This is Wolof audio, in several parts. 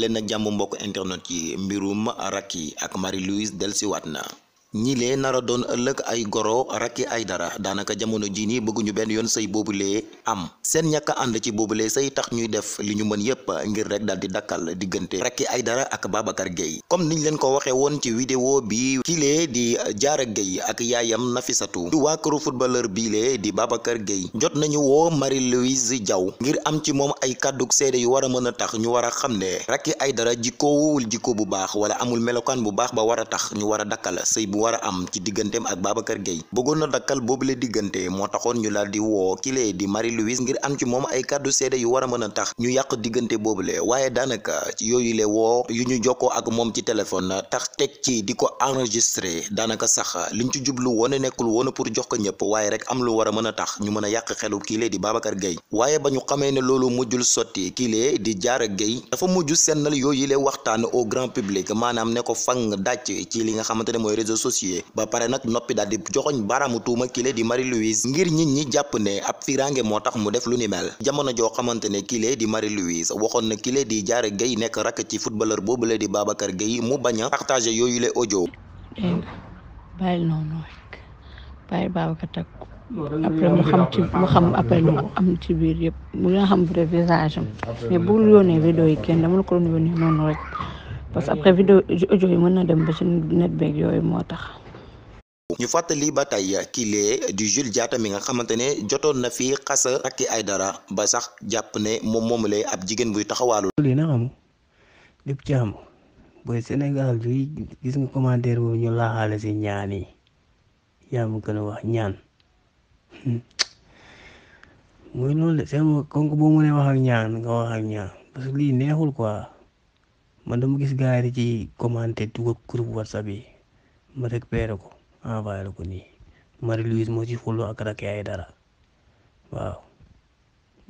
leen nag mbokk internet yi mbirum rakk yi ak Marie Louise dellusiwaat na ñi lee nara doon ëllëg ay goro rakki ay dara daanaka jamono ji nii bëgguñu benn yoon sëy lee am seen ñàkk ànd ci boobu lee sëy tax ñuy def li ñu mën yépp ngir rek daal di dakkal diggante rakki ay dara ak Babacar Gueye comme niñ leen ko waxee woon ci vidéo bi kiilee di Diarra Gueye ak yaayam Nafissatou di waa këru footballeur biilee di Babacar Gueye jot nañu woo Marie Louise Diaw ngir am ci moom ay kàdduk seede yu war a mën a tax ñu war a xam ne rakki ay dara jikkoowul jikko bu baax wala amul melokaan bu baax ba war a tax ñu war a dakkal sëy bu war a am ci digganteem ak Babacar Gueye bëggoon na dakkal boobule diggante moo taxoon ñu daal di woo kilee di Marie Louise ngir am ci moom ay kàddu seede yu war a mën a tax ñu yàq diggante boobule waaye daanaka yooyu le woo yu ñu jokkoo ak moom ci téléphone tax teg ci di ko enregistré daanaka sax liñ ci jublu woon nekkul woon pour jox ko ñëpp waaye rek am lu war a mën a tax ñu mën a yàq xelu kilee di Babacar Gueye waaye ba ñu xamee ne loolu mujjul sotti kilee di Diarra Gueye dafa mujj sennal yooyu le waxtaan au grand public maanaam ne ko fang dàcc ci li nga xamante ne mooy réseaux associé ba pare nag noppi daal di joxoñ baaraamu tuuma kile di Marie Louise ngir nit ñi jàpp ne ab firange moo tax mu def lu ni mel jamono joo xamante ne kile di Marie Louise waxoon na kile di Diarra Gueye nekk rakk ci footballeur boobule di Babacar Gueye mu bañ a partagé yooyu le audio. bàyyil noonu rek takk après mu xam mu xam après mu am ci biir mu nga xam vrai yi kenn dama la ko doon yónnee noonu rek. parce que après vidéo audio mën na dem ba ci net beeg yooyu moo tax. ñu fàttali ba tey kilee di Jules mi nga xamante ne jotoon na fi xasa ay dara ba sax jàpp ne moom moom lay ab jigéen buy taxawaalu. loolu ci am booy Sénégal bi gis nga lii neexul quoi. mën man dama gis gars ci commenté dugal groupe whatsapp yi ma récupéré ko envoyé la ko nii Marie Louise moo ci xuloo ak ay dara waaw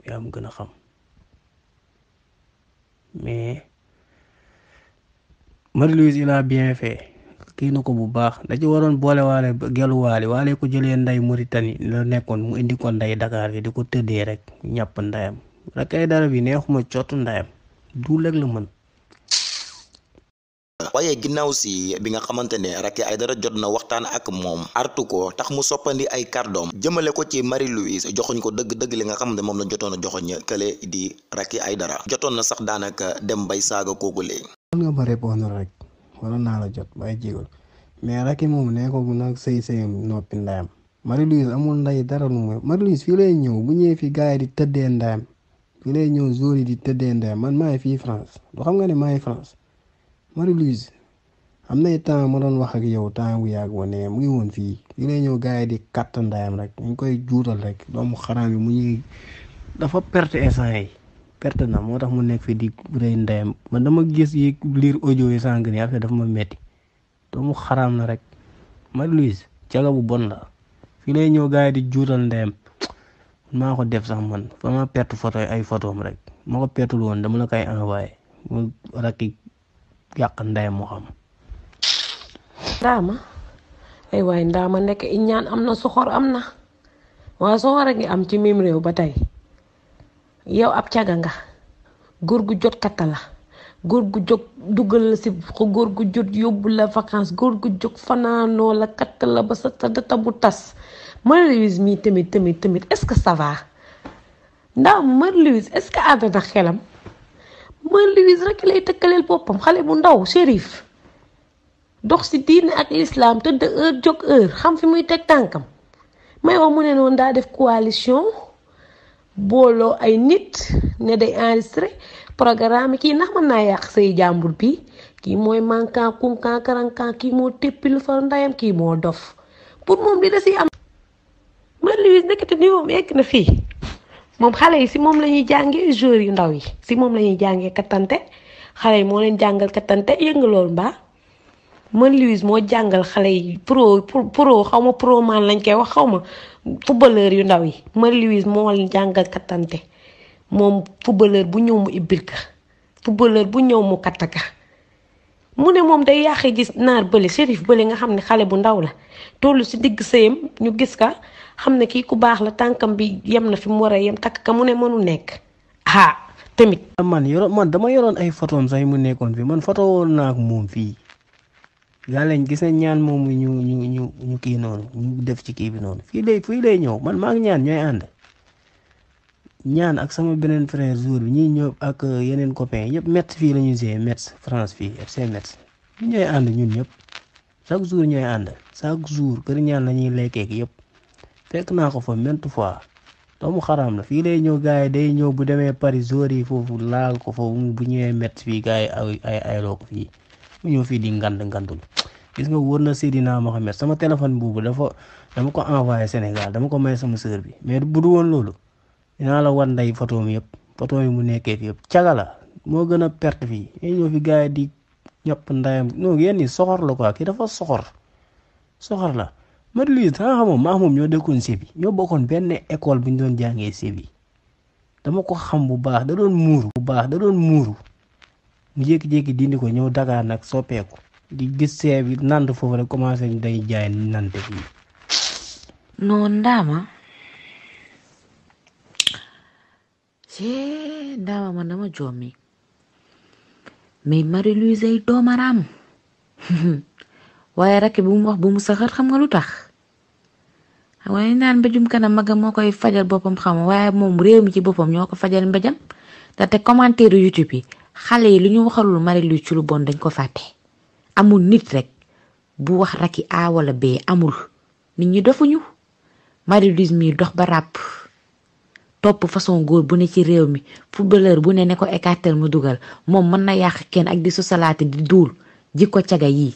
yaa mu gën a xam mais Marie Louise il a bien fait kii na ko bu baax da ci waroon boole waale gelu waale waale ko jëlee nday Mauritanie la nekkoon mu indi ko nday dakaar bi di ko tëddee rek ñàpp ndayam Racky Aïdara bi neexuma cottu ndayam du lekk la mën. waaye ginnaaw si bi nga xamante ne Racky Aïdara jot na waxtaan ak moom artu ko tax mu soppandi ay kàddoom jëmale ko ci Marie Louise joxoñ ko dëgg-dëgg li nga xamante moom la jotoon a joxoñ kële di ay dara jotoon na sax daanaka dem bay saaga kooku lee man nga ma répondre rek wala naa la jot waaye jégal mais Racky moom nee ko nag sëy sëy noppi ndayam Marie Louise amul nday dara lu mooy Marie Louise fii lay ñëw bu ñëwee fii gars yi di tëdd ndayam fii lay ñëw jour yi di tëddee ndayam man Marie-Louise am nay temps ma doon wax ak yow temps bu yàgg ba ne mu ngi woon fii li lay ñëw gars yi di kàtt ndayam rek ñu koy juutal rek doomu xaraam yi mu ñuy dafa perte instant yi perte na moo tax mu nekk fii di rëy ndayam man dama gis yi lire audio yi sànq dafa ma metti doomu xaraam la rek Marie-Louise caga bon la fii lay ñëw gars yi di juutal ndayam maa ko def sax man fa ma perte photo ay photo am rek moo ko pertul woon dama la koy envoyé yàq ndeyam mu am. ndaama ay waay ndaama nekk iñaan am na soxor am na waaye soxor a ngi am ci mim réew ba tey yow ab caga nga góor gu jot katta la góor gu jóg dugal la si góor gu jot yóbbu la vacance góor gu jóg fanaanoo la katta ba sa data bu tas Marie-Louise mii tamit tamit tamit est-ce que ça va ndax ce que ànd xelam Mère Louise rek lay tëkkaleel boppam xale bu ndaw shérif dox si diine ak lislaam tëdd heure jóg heure xam fi muy teg tànkam may wax mu ne noonu daa def coalition booloo ay nit ne day enregistré programme kii ndax mën naa yàq say jàmbur bi kii mooy mankan kunkan karankan kii moo téppi lu fa ndayam kii moo dof pour moom li da si am Mère Louise nekkati ni moom egg na fii moom xale yi si moom lañuy jàngee joueurs yu ndaw yi si moom lañuy jàngee kattante xale yi moo leen jàngal kattante yëngu loolu mbaa man Louise moo jàngal xale yi pro pro xaw ma pro man lañ koy wax xaw ma footballeur yu ndaw yi man Louise moo leen jàngal katante moom footballeur bu ñëw mu ibbil ka footballeur bu ñëw mu katta mu ne moom day yàq gis naar bële Chérif bële nga xam ne xale bu ndaw la toll si digg sëyam ñu gis ka xam ne kii ku baax la tànkam bi yem na fi mu war a yem takk ka mu ne mënu nekk ah tamit. man yoroon man dama yoroon ay photos sax mu nekkoon fii man photo woon naa ak moom fii yaa leen gis ne ñaan moom ñu ñu ñu ñu kii noonu ñu def ci kii bi noonu fii lay fii ñëw man maa ñaan ñooy ànd. ñaan ak sama beneen frère jour bi ñuy ñëw ak euh, yeneen copain yëpp Metz fii la ñuy jouer Metz France fii FC Metz ñooy ànd ñun ñëpp chaque jour ñooy ànd chaque jour kër ñaan la ñuy lekkee yëpp fekk naa ko fa maintes fois doomu xaraam la fii lay ñëw gars yi day ñëw bu demee Paris zori yi foofu laal ko foofu bu ñëwee met fii gars yi ay ay ayloo fii mu ñëw fii di ngand ngandul gis nga wóor na Seydina Mohamed sama téléphone boobu dafa dama ko envoyé Sénégal dama ko may sama sœur bi mais bu du woon loolu dinaa la war nday photo mi yëpp photo mi mu nekkee fi yëpp caga la moo gën a perte fii day ñëw fi gars yi di ñëpp ndayam non yéen ñi soxor la quoi kii dafa soxor soxor la. Modou Louis danga xam moom maa moom ñoo dëkkoon sébi ñoo bokkoon benn école bu ñu doon jàngee sébi dama ko xam bu baax da doon muuru bu baax da doon muuru mu jékki-jékki dindi ko ñëw Dakar nag soppeeku di gis see bi nand foofu rek commencé day jaay nante fii non ndaama cee ndaama man dama jommi mais Marie Louise ay doomaraam waaye rakk bi mu wax bu mu saxar xam lu tax xam naan mbéjum kanam magam moo koy fajal boppam xam waaye moom réew mi ci boppam ñoo ko fajal mbéjam te te commentaire YouTube yi xale yi lu ñu waxalul Marie Louise ci lu bon dañ ko fàtte amul nit rek bu wax raki A wala B amul nit ñi defuñu Marie Louise mi dox ba ràbb topp façon góor bu ne ci réew mi footballeur bu ne ne ko écarter mu dugal moom mën na yàq kenn ak di sosalaate di duul ji ko yi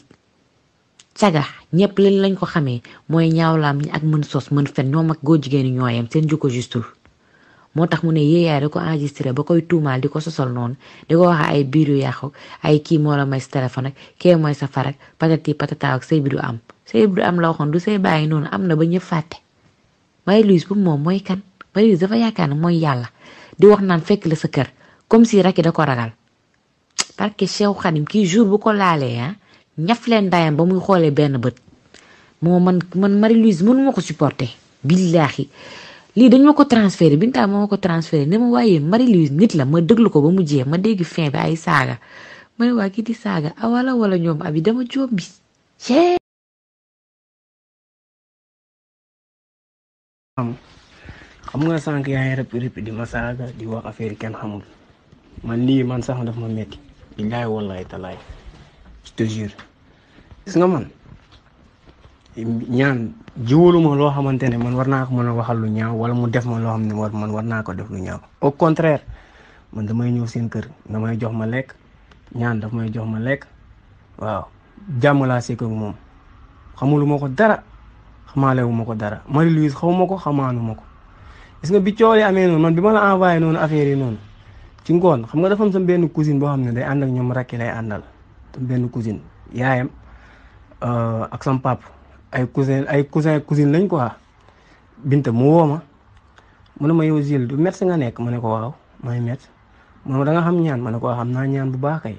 caga ñëpp leen lañ ko xamee mooy ñaawlaam ñi ak mën sos mën fen ñoom ak góor jigéen ñi moo tax mu ne yéeyaay da ko enregistré koy tuumaal di ko sosol noonu di ko wax ay biir yu yàqu ay kii moo la may sa téléphone ak kee mooy sa farak patati patata ak sëy bi du am sëy bi du am la waxoon du sëy bàyyi noonu am na ba ñëpp fàtte Marie Louise bu moom mooy kan Marie Louise dafa yaakaar ne mooy yàlla di wax naan fekk la sa kër comme si rakki da ko ragal parce que Cheikh Khadim kii bu ko laalee ah, ñaf leen ba muy xoolee benn bët moo man man Marie Louise mënuma ko supporter billaahi lii dañ ma ko transféré Binta moo ma ko transféré ne ma waaye Marie Louise nit la ma déglu ko ba mu jeex ma dégg fin bi ay saaga ma ne waa kii di saaga awala ah wala ñoom abi dama joom bi cee xam nga sànq yaa ngi rëpp rëpp di ma saaga di wax affaire yi kenn xamul man lii man sax daf ma metti billaay wallaay talaay je te nga man ñaan jiwaluma loo xamante ne man war naa ko mën a waxal lu ñaaw wala mu def ma loo xam ne war man war naa ko def lu ñaaw au contraire man damay ñëw seen kër damay jox ma lekk ñaan daf may jox ma lekk waaw jàmm laa seq moom xamuluma ko dara xamaalewuma ko dara Marie-Louise xawma ko xamaanuma ko gis nga bi coolee amee noonu man bi ma la envoyé noonu affaire yi noonu ci ngoon xam nga dafa am sama benn cousine boo xam ne day ànd ak ñoom rakki lay àndal benn cousine yaayam euh, ak sam ay cousin ay cousin cousine lañ quoi Binta mu woo ma mu ne ma yow Gilles du médecin nga nekk ma ne ko waaw may médecin mu ne ma da nga xam ñaan ma ne ko xam naa ñaan bu baax kay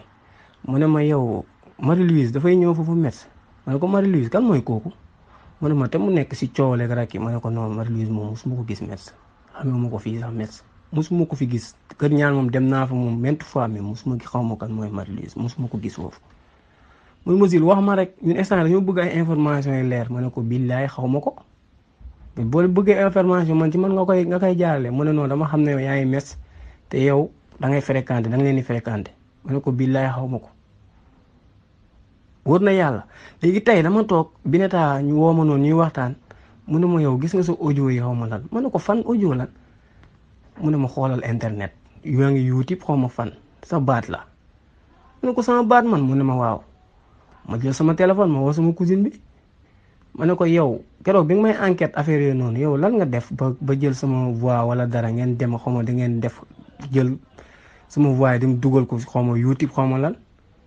mu ne ma yow Marie-Louise dafay ñëw foofu médecin ma ne ko marie kan mooy kooku mu ma te mu nekk si coowaleeg rakk yi ma ne ko non Marie-Louise moom mosuma ko gis médecin xamee ma ko fii sax médecin musuma ko fi gis kër ñaan moom dem naa fa moom maintes fois mais musuma xaw ma kan mooy Marie-Louise ko gis foofu. muy Musil wax ma rek ñun instant dañoo bëgg ay information yi leer ma ne ko billaay xaw ma ko mais boo bëggee information man ci man nga koy nga koy jaarale mu ne noonu dama xam ne yow yaa ngi mes te yow da ngay fréquenté da nga leen di fréquenté ma ne ko billaay xaw ma ko. na yàlla léegi tey dama toog bi ne taa woo ma noonu ñuy waxtaan mu na ma yow gis nga sa audio yi xaw ma lan ma ne ko fan audio lan. mu ne ma xoolal internet yaa ngi youtube xaw fan sa baat la mu ne ko sama baat man mun ne ma waaw ma jël sama téléphone ma woo sama cousine bi ma ne ko yow keroog bi nga may enquête affaire yooyu noonu yow lan nga def ba ba jël sama voix wala dara ngeen dem xaw ma da ngeen def jël sama voix yi dem dugal ko xaw ma youtube xaw ma lan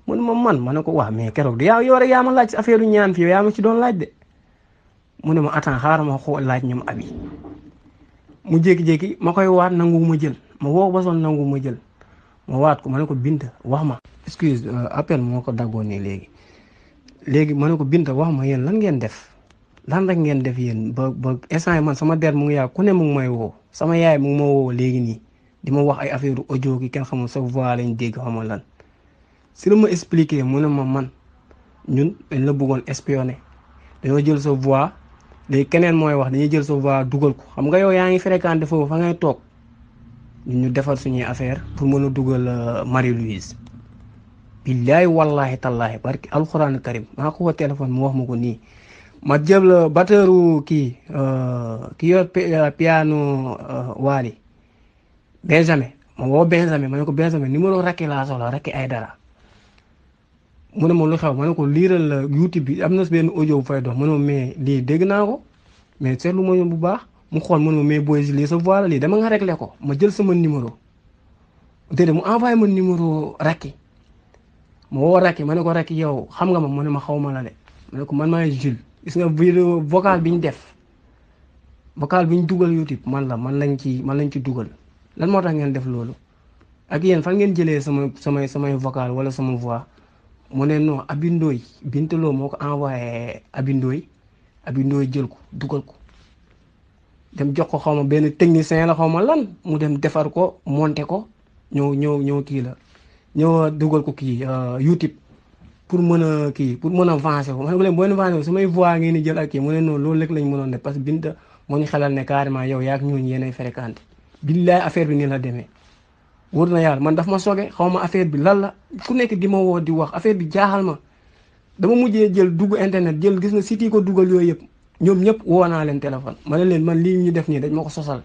mu ne ma man ma ne ko wax mais keroog de yaa yow rek yaa ma laaj si affaire ñaan fii yaa ma si doon laaj de mu ne ma attends xaaral ma xoo laaj ñoom abi mu jékki-jékki ma koy waat nangu ma jël ma woo ba sonn nangu ma jël ma waat ko ma ne ko Binta wax ma. excuse euh, appel moo ko daggoon nii léegi léegi ma ne ko Binta wax ma yéen lan ngeen def lan rek ngeen def yéen ba ba instant man sama der mu ngi yaa ku ne mu ngi may woo sama yaay mu ngi ma woo léegi nii di ma wax ay affaire audio ki kenn xamul sa voix lañ dégg xamul lan si la ma expliqué mu ne ma man ñun la buggoon espionné dañoo jël sa voix. léegi keneen mooy wax dañuy jël soo voix dugal ko xam nga yow yaa ngi fréquenté foofu fa ngay toog ñu defar suñuy affaire pour mën a dugal euh, Marie Louise billaay wallahi tallahi barki alxuraan karim maa ko woo téléphone mu wax ma ko nii ma jël la euh, kii euh, ki yor piano waali Benjamin ma woo Benjamin ma ne ko Benjamin numéro rakki laa soxla rakki ay dara mu ne ma lu xew ma ne ko liiral la youtube bi am na benn audio bu fay dox ma ne mais lii dégg naa ko mais seetlu ma bu baax mu xool ma ne mais booy lii sa voix la dama nga réglé ko ma jël sama numéro déedéet mu envoyé ma numéro Racky ma woo ma ne ko Racky yow xam nga ma ma ne ma xaw ma la de ma ne ko man maay Jules gis nga vidéo vocal bi ñu def vocal bi ñu dugal youtube man la man lañ ci man lañ ci dugal lan moo tax ngeen def loolu ak yéen fan ngeen jëlee sama samay samay vocal wala sama voix. mu ne noo abindooy bintaloo moo ko envoyé abindooy abindooy jël ko dugal ko dem jox ko xaw ma benn technicien la xaw ma lan mu dem defar ko monter ko ñëw ñëw ñëw kii la ñëw euh, dugal ko kii euh, YouTube pour mën a kii pour mën a avancer ko ma ne ko leen boo mu noonu loolu rek que Binta moo ñu xelal ne carrément yow yaa ak ñooñu yéenay fréquenté billaay affaire bi nii la deme wóor na yàlla man daf ma soge xaw ma affaire bi lan la ku nekk di ma woo di wax affaire bi jaaxal ma dama mujjee jël dugg internet jël gis na site yi dugal yooyu yëpp ñoom ñëpp woo naa leen téléphone ma ne leen man lii ñu def nii dañ ma ko sosal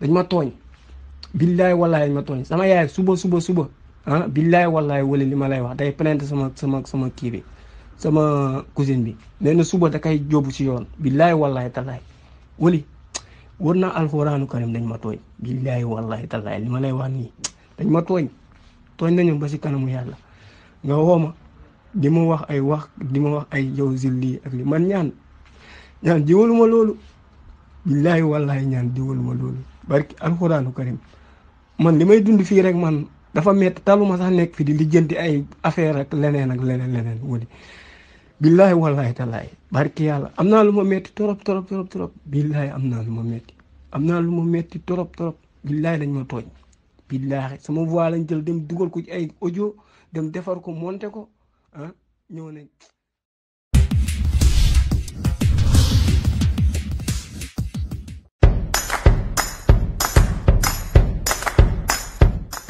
dañ ma tooñ billaay wallaay dañ ma tooñ sama yaay suba suba suba ah billaay wallaay wala li ma lay wax day plainte sama sama sama kii bi sama cousine bi nee na suba da kay jóobu si yoon billaay wallaay tallaay wali war naa alxuraanu karim dañ ma tooñ billaay wallaay tallaay li ma lay wax nii dañ ma tooñ tooñ nañu ba si kanamu yàlla nga woo ma di ma wax ay wax di wax ay yow si lii ak lii man ñaan ñaan jiwalu ma loolu billaahi wallaahi ñaan jiwalu ma loolu barki alxuraanu karim man li may dund fii rek man dafa talu ma sax nekk fi di lijjanti ay affaire ak leneen ak leneen leneen wali billaahi wallaahi tallaahi barki yàlla am naa lu ma métti trop trop trop trop billaahi am naa lu ma métti am naa lu ma métti trop trop billaahi dañ ma tooñ billaahi sama voix lañ jël dem dugal ko ci ay ojo dem defar ko monter ko ah ñëw nañ